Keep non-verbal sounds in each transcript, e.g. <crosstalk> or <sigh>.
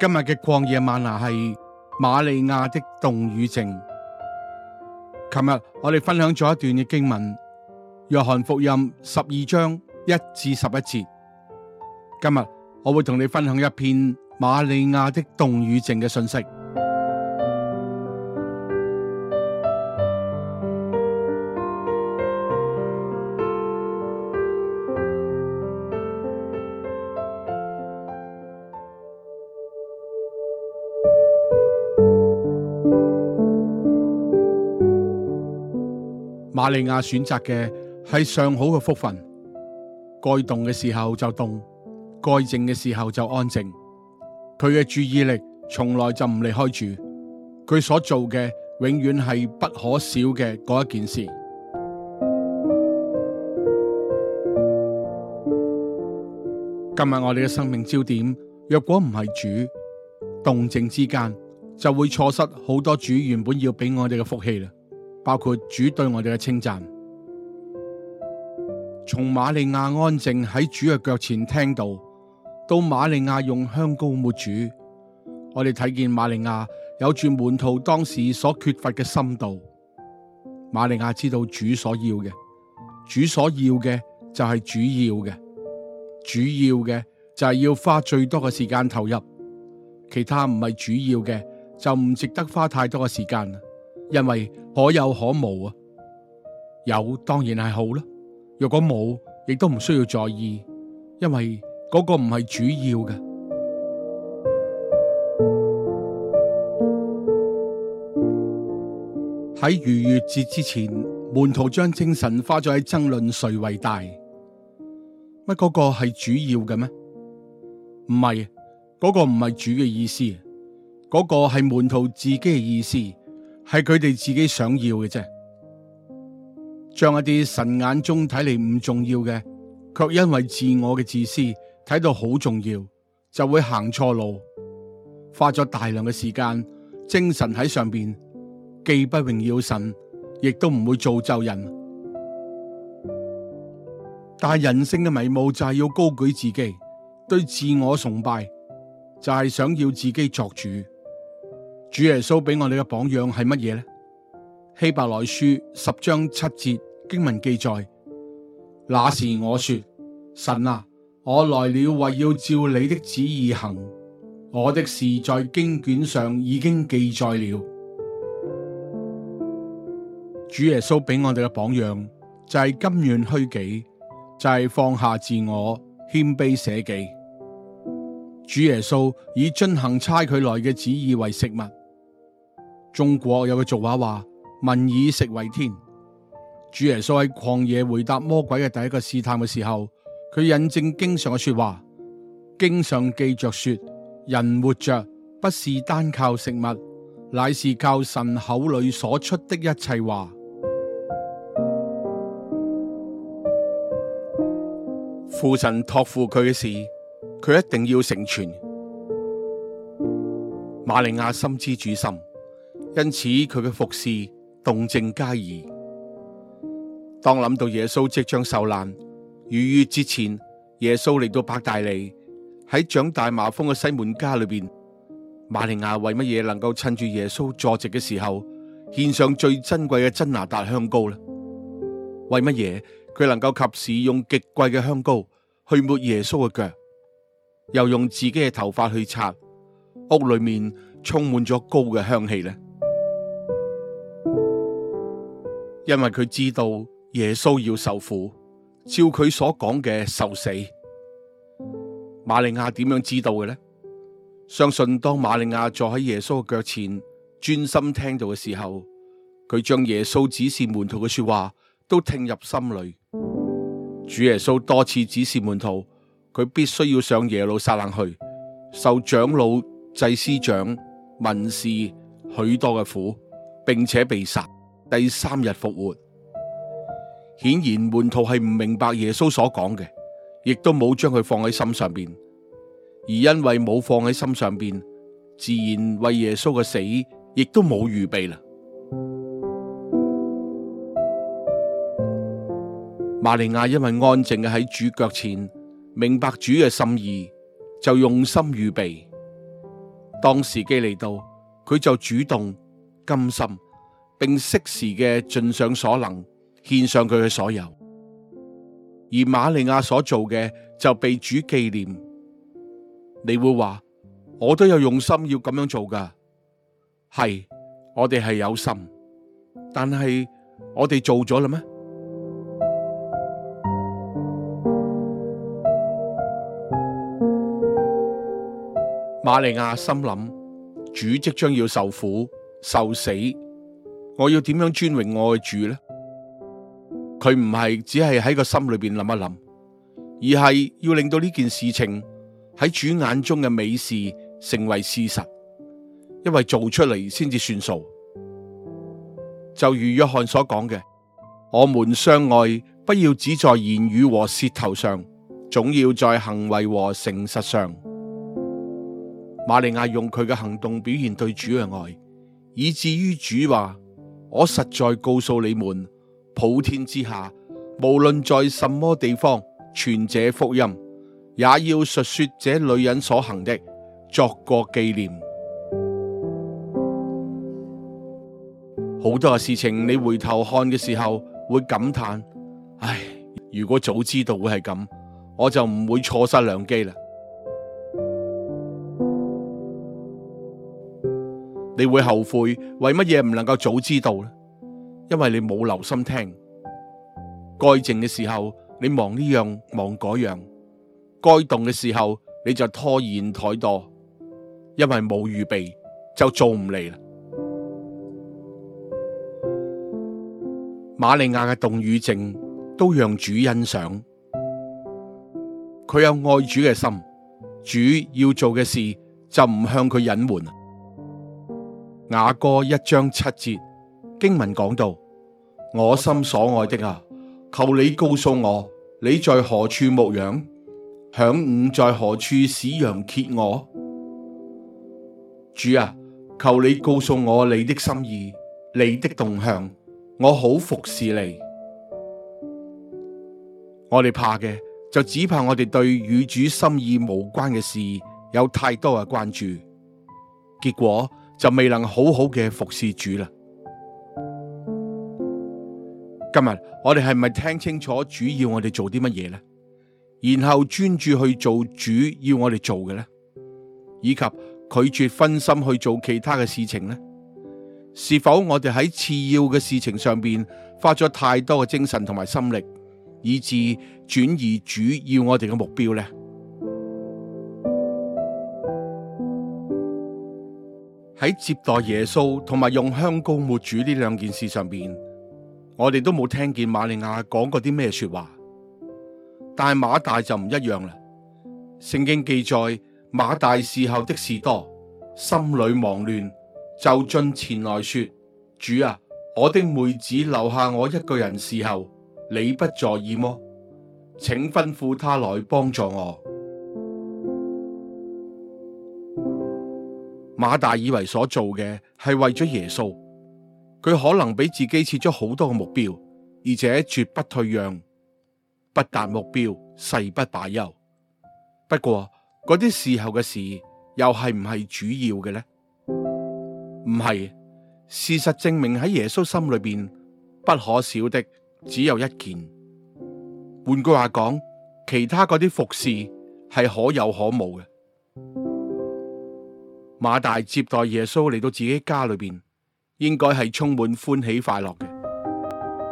今日嘅曠野嗎哪係馬利亞的動與靜。琴日我哋分享咗一段嘅經文，約翰福音十二章一至十一節。今日我會同你分享一篇馬利亞的動與靜嘅信息。馬利亞選擇嘅係上好嘅福分，該動嘅時候就動，該靜嘅時候就安靜。佢嘅注意力從來就唔離開主，佢所做嘅永遠係不可少嘅嗰一件事。今日我哋嘅生命焦點，若果唔係主，動靜之間就會錯失好多主原本要俾我哋嘅福氣啦。包括主對我哋嘅稱讚，從馬利亞安靜喺主嘅腳前聽到，到馬利亞用香膏抹主，我哋睇見馬利亞有住門徒當時所缺乏嘅深度。馬利亞知道主所要嘅，主所要嘅就係主要嘅，主要嘅就係要花最多嘅時間投入，其他唔係主要嘅就唔值得花太多嘅時間。因為可有可無啊，有當然係好啦。若果冇，亦都唔需要在意，因為嗰個唔係主要嘅。喺逾越節之前，門徒將精神花咗喺爭論誰為大，乜嗰個係主要嘅咩？唔係，嗰個唔係主嘅意思，嗰個係門徒自己嘅意思。係佢哋自己想要嘅啫，將一啲神眼中睇嚟唔重要嘅，卻因為自我嘅自私睇到好重要，就會行錯路，花咗大量嘅時間精神喺上邊，既不榮耀神，亦都唔會造就人。但係人性嘅迷霧就係要高舉自己，對自我崇拜就係想要自己作主。主耶穌俾我哋嘅榜樣係乜嘢呢？希伯來書十章七節經文記載：那時我說，神啊，我來了為要照你的旨意行，我的事在經卷上已經記載了。主耶穌俾我哋嘅榜樣就係、是、甘願虛己，就係、是、放下自我，謙卑捨己。主耶穌以遵行差佢來嘅旨意為食物。中國有句俗話話：民以食為天。主耶穌喺曠野回答魔鬼嘅第一個試探嘅時候，佢引證經上嘅說話，經上記着說：人活着不是單靠食物，乃是靠神口裏所出的一切話。父神託付佢嘅事，佢一定要成全。瑪利亞深知主心。因此佢嘅服侍動靜皆宜。當諗到耶穌即將受難，逾越節前，耶穌嚟到伯大尼，喺長大痲瘋嘅西門家裏邊，瑪利亞為乜嘢能夠趁住耶穌坐席嘅時候，獻上最珍貴嘅真哪噠香膏呢？為乜嘢佢能夠及時用極貴嘅香膏去抹耶穌嘅腳，又用自己嘅頭髮去擦？屋裏面充滿咗膏嘅香氣呢？因為佢知道耶穌要受苦，照佢所講嘅受死。瑪利亞點樣知道嘅呢？相信當瑪利亞坐喺耶穌嘅腳前，專心聽到嘅時候，佢將耶穌指示門徒嘅說話都聽入心裏。主耶穌多次指示門徒，佢必須要上耶路撒冷去，受長老、祭司長文士許多嘅苦，並且被殺。第三日復活，顯然門徒係唔明白耶穌所講嘅，亦都冇將佢放喺心上邊，而因為冇放喺心上邊，自然為耶穌嘅死亦都冇預備啦。馬利亞因為安靜嘅喺主腳前，明白主嘅心意，就用心預備。當時機嚟到，佢就主動甘心。並適時嘅盡上所能，獻上佢嘅所有。而馬利亞所做嘅就被主紀念。你會話我都有用心要咁樣做㗎？係我哋係有心，但係我哋做咗啦咩？馬利亞心諗，主即將要受苦、受死。我要點樣尊榮愛主呢？佢唔係只係喺個心裏面諗一諗，而係要令到呢件事情喺主眼中嘅美事成為事實，因為做出嚟先至算數。就如約翰所講嘅，我們相愛不要只在言語和舌頭上，總要在行為和誠實上。馬利亞用佢嘅行動表現對主嘅愛，以至於主話：我實在告訴你們，普天之下無論在什麼地方，傳這福音，也要述說這女人所行的，作個紀念。好多嘅事情，你回頭看嘅時候，會感嘆：唉，如果早知道會係咁，我就唔會錯失良機啦。你會後悔為乜嘢唔能夠早知道呢？因為你冇留心聽。該靜嘅時候你忙呢樣忙嗰樣，該動嘅時候你就拖延怠惰，因為冇預備就做唔嚟啦。瑪利亞嘅動與靜都讓主欣賞，佢有愛主嘅心，主要做嘅事就唔向佢隱瞞。雅歌一章七節經文講到：我心所愛的啊，求你告訴我你在何處牧羊，晌午在何處使羊歇臥。主啊，求你告訴我你的心意、你的動向，我好服侍你。我哋怕嘅就只怕我哋對與主心意無關嘅事有太多嘅關注，結果。就未能好好嘅服侍主啦。今日我哋係咪聽清楚主要我哋做啲乜嘢咧？然後專注去做主要我哋做嘅咧，以及拒絕分心去做其他嘅事情咧？是否我哋喺次要嘅事情上邊花咗太多嘅精神同埋心力，以致轉移主要我哋嘅目標咧？喺接待耶穌同埋用香膏抹主呢兩件事上面，我哋都冇聽見瑪利亞講過啲咩說話，但馬大就唔一樣了。聖經記載馬大侍候的事多，心裏忙亂，就進前來說：主啊，我的妹子留下我一個人侍候，你不在意麼？請吩咐她來幫助我。馬大以為所做嘅係為咗耶穌，佢可能俾自己設咗好多嘅目標，而且絕不退讓，不達目標誓不罷休。不過嗰啲時候嘅事又係唔係主要嘅呢？唔係，事實證明喺耶穌心裏邊不可少的只有一件。換句話講，其他嗰啲服侍係可有可無嘅。馬大接待耶穌嚟到自己家裏邊，應該係充滿歡喜快樂嘅。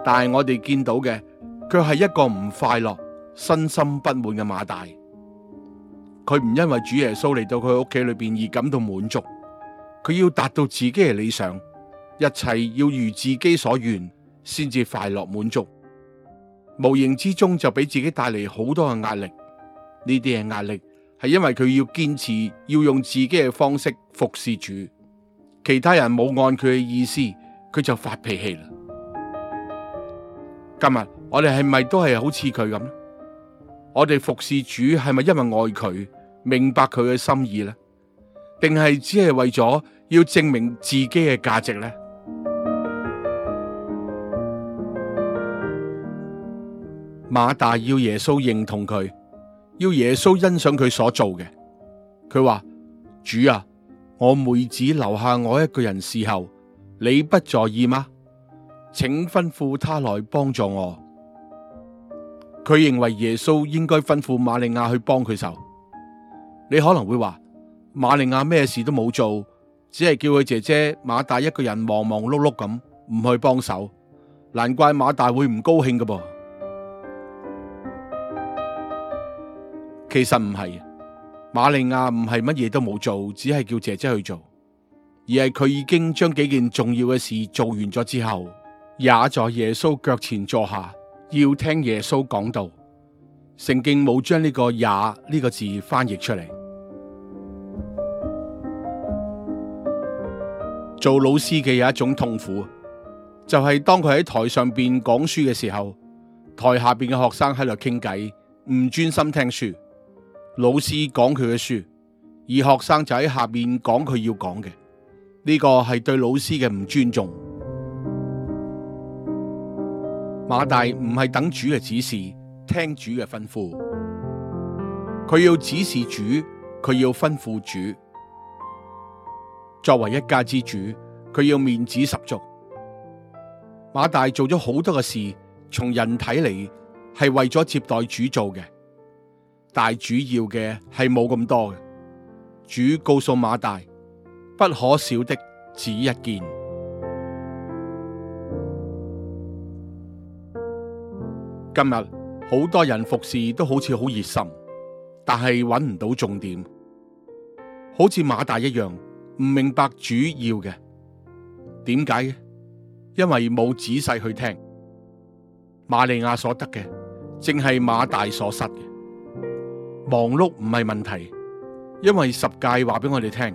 但係我哋見到嘅，卻係一個唔快樂、身心不滿嘅馬大。佢唔因為主耶穌嚟到佢屋企裏邊而感到滿足，佢要達到自己嘅理想，一切要如自己所願，先至快樂滿足。無形之中就俾自己帶嚟好多嘅壓力，呢啲係壓力。係因為佢要堅持要用自己嘅方式服侍主，其他人冇按佢嘅意思，佢就發脾氣啦。今日我哋係咪都係好似佢咁咧？我哋服侍主係咪因為愛佢，明白佢嘅心意咧？定係只係為咗要證明自己嘅價值咧？馬大要耶穌認同佢。要耶穌欣賞佢所做嘅，佢話：主啊，我妹子留下我一個人伺候，你不在意嗎？請吩咐他來幫助我。佢認為耶穌應該吩咐瑪利亞去幫佢手。你可能會話：瑪利亞咩事都冇做，只係叫佢姐姐馬大一個人忙忙碌碌咁，唔去幫手，難怪馬大會唔高興㗎噃。其實唔係，馬利亞唔係乜嘢都冇做，只係叫姐姐去做，而係佢已經將幾件重要嘅事做完咗之後，也在耶穌腳前坐下，要聽耶穌講道。聖經冇將呢個也呢個字翻譯出嚟。做老師嘅有一種痛苦，就係當佢喺台上邊講書嘅時候，台下邊嘅學生喺度傾偈，唔專心聽書。老師講佢嘅書，而學生就喺下面講佢要講嘅，呢、這個係對老師嘅唔尊重。馬大唔係等主嘅指示，聽主嘅吩咐，佢要指示主，佢要吩咐主。作為一家之主，佢要面子十足。馬大做咗好多嘅事，從人睇嚟，係為咗接待主做嘅。大主要嘅係冇咁多嘅。主告訴馬大不可少的只一件。今日好多人服侍都好似好熱心，但係揾唔到重點，好似馬大一樣唔明白主要嘅。點解？因為冇仔細去聽。瑪利亞所得嘅正係馬大所失嘅。忙碌唔係問題，因為十誡話俾我哋聽，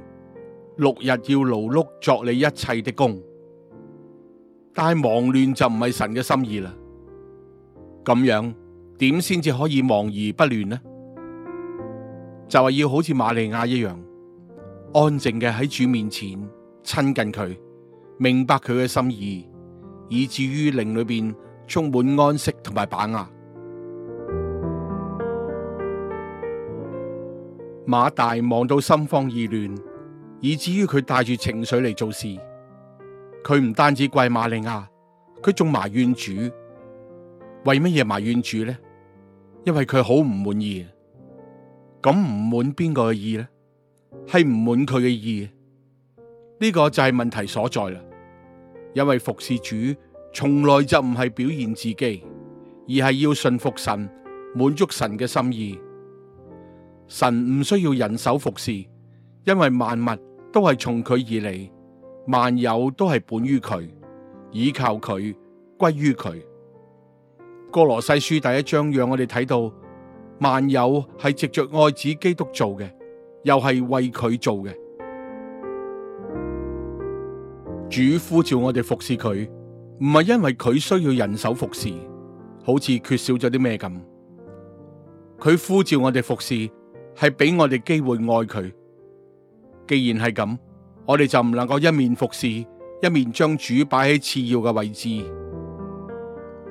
六日要勞碌作你一切的工。但係忙亂就唔係神嘅心意啦。咁樣點先至可以忙而不亂呢？就係、是、要好似馬利亞一樣，安靜嘅喺主面前親近佢，明白佢嘅心意，以至於靈裏邊充滿安息同埋把握。馬大望到心慌意亂，以至於佢帶住情緒嚟做事。佢唔單止怪瑪利亞，佢仲埋怨主。為乜嘢埋怨主呢？因為佢好唔滿意。咁唔滿邊個嘅意呢？係唔滿佢嘅意。呢個就係問題所在啦。因為服侍主從來就唔係表現自己，而係要信服神，滿足神嘅心意。神唔需要人手服侍，因為萬物都係從佢而嚟，萬有都係本於佢，倚靠佢，歸於佢。哥羅西書第一章讓我哋睇到，萬有係藉着愛子基督做嘅，又係為佢做嘅。主呼召我哋服侍佢，唔係因為佢需要人手服侍，好似缺少咗啲咩咁。佢呼召我哋服侍。係俾我哋機會愛佢。既然係咁，我哋就唔能夠一面服侍，一面將主擺喺次要嘅位置。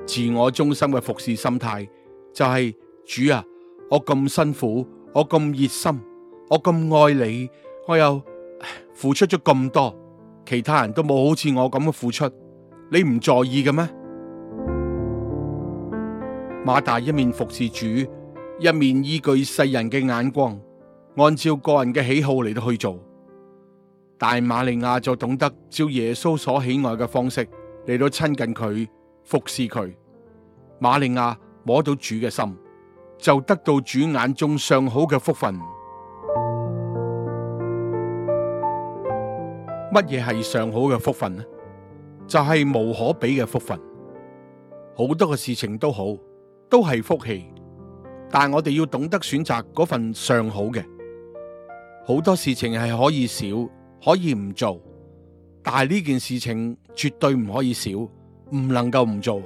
自我中心嘅服侍心態就係主啊，我咁辛苦，我咁熱心，我咁愛你，我又付出咗咁多，其他人都冇好似我咁嘅付出，你唔在意嘅咩？馬大一面服侍主。一面依據世人嘅眼光，按照個人嘅喜好嚟到去做，但係瑪利亞就懂得照耶穌所喜愛嘅方式嚟到親近佢、服侍佢。瑪利亞摸到主嘅心，就得到主眼中上好嘅福分。乜嘢係上好嘅福分呢？就係無可比嘅福分。好多嘅事情都好，都係福氣。但我哋要懂得選擇嗰份上好嘅，好多事情係可以少，可以唔做，但係呢件事情絕對唔可以少，唔能夠唔做。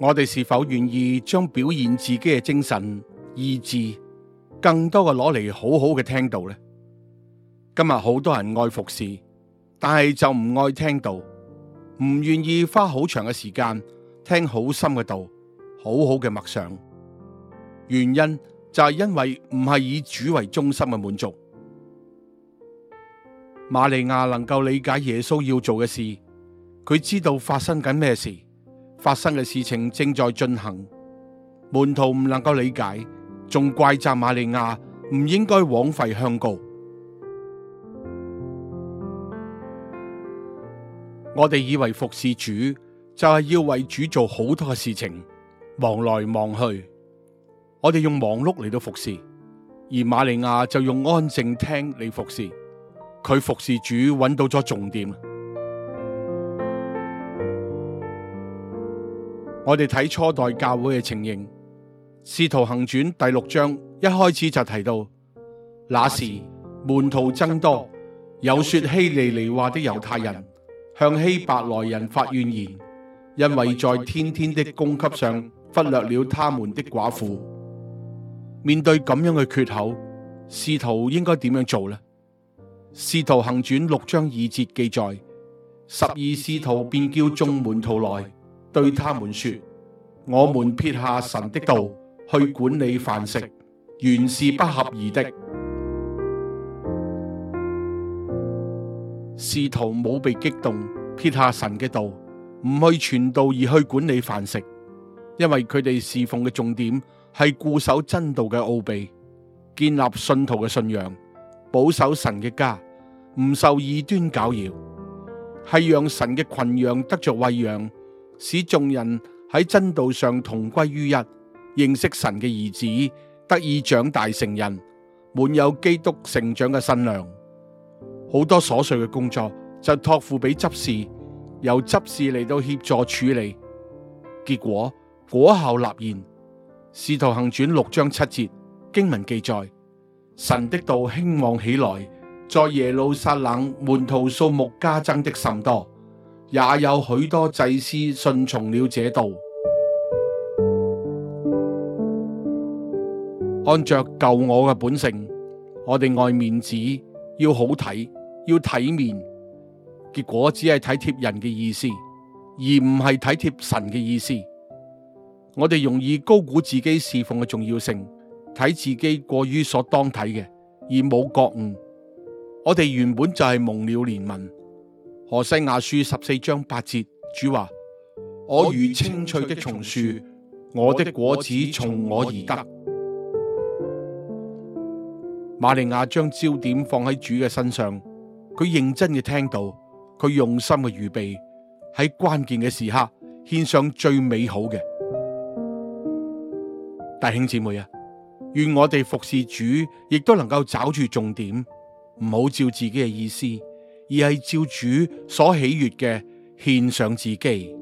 我哋是否願意將表現自己嘅精神、意志，更多嘅攞嚟好好嘅聽道呢？今日好多人愛服侍，但係就唔愛聽道，唔願意花好長嘅時間聽好深嘅道。好好嘅默想，原因就係因為唔係以主為中心嘅滿足。瑪利亞能夠理解耶穌要做嘅事，佢知道發生緊咩事，發生嘅事情正在進行。門徒唔能夠理解，仲怪責瑪利亞唔應該枉費香膏。我哋以為服侍主就係、是、要為主做好多嘅事情。忙來忙去，我哋用忙碌嚟到服侍，而瑪利亞就用安靜聽嚟服侍。佢服侍主揾到咗重點。 <music> 我哋睇初代教會嘅情形，《使徒行傳》第六章一開始就提到， <music> 那時門徒增多，有說希利尼話的猶太人向希伯來人發怨言，因為在天天的供給上。忽略了他們的寡婦，面對咁樣嘅缺口，使徒應該點樣做呢？使徒行傳六章二節記載：十二使徒便叫眾門徒來，對他們說：我們撇下神的道去管理飯食，食，原是不合宜的。使徒冇被激動，撇下神嘅道，唔去傳道而去管理飯食。因為佢哋侍奉嘅重點係固守真道嘅奧秘，建立信徒嘅信仰，保守神嘅家，唔受異端攪擾，係讓神嘅群羊得着餵養，使眾人喺真道上同歸於一，認識神嘅兒子，得以長大成人，滿有基督成長嘅身量。好多瑣碎嘅工作就託付俾執事，由執事嚟到協助處理，結果。果後立言，使徒行傳六章七節經文記載，神的道興旺起來，在耶路撒冷門徒數目加增的甚多，也有許多祭司信從了這道。按着舊我嘅本性，我哋愛面子，要好睇，要體面，結果只係體貼人嘅意思，而唔係體貼神嘅意思。我哋容易高估自己侍奉嘅重要性，睇自己過於所當睇嘅，而冇覺悟。我哋原本就係蒙了憐憫。何西亞書十四章八節，主話：我如青翠的松樹，我的果子從我而得。瑪利亞將焦點放喺主嘅身上，佢認真嘅聽到，佢用心嘅預備，喺關鍵嘅時刻獻上最美好嘅。弟兄姊妹啊，願我哋服侍主，亦都能夠找住重點，唔好照自己嘅意思，而係照主所喜悦嘅獻上自己。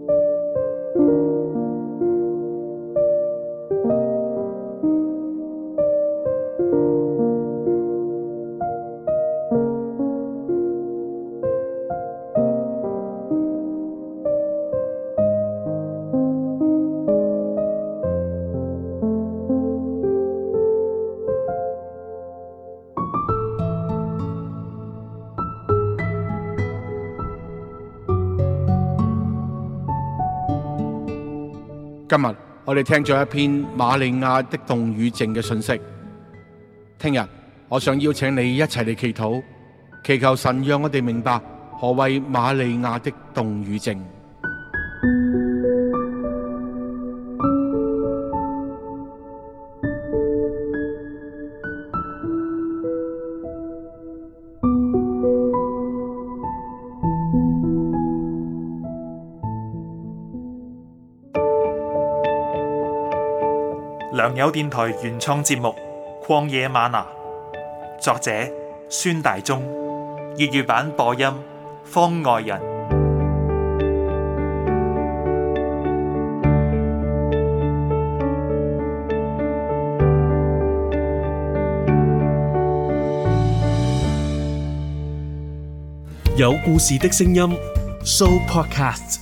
今日我哋聽咗一篇瑪利亞的動與靜嘅訊息，聽日我想邀請你一齊嚟祈禱，祈求神讓我哋明白何謂瑪利亞的動與靜。良友電台原創節目《曠野嗎哪》，作者孫大中，粵語版播音方外人，有故事的聲音，So Podcasts。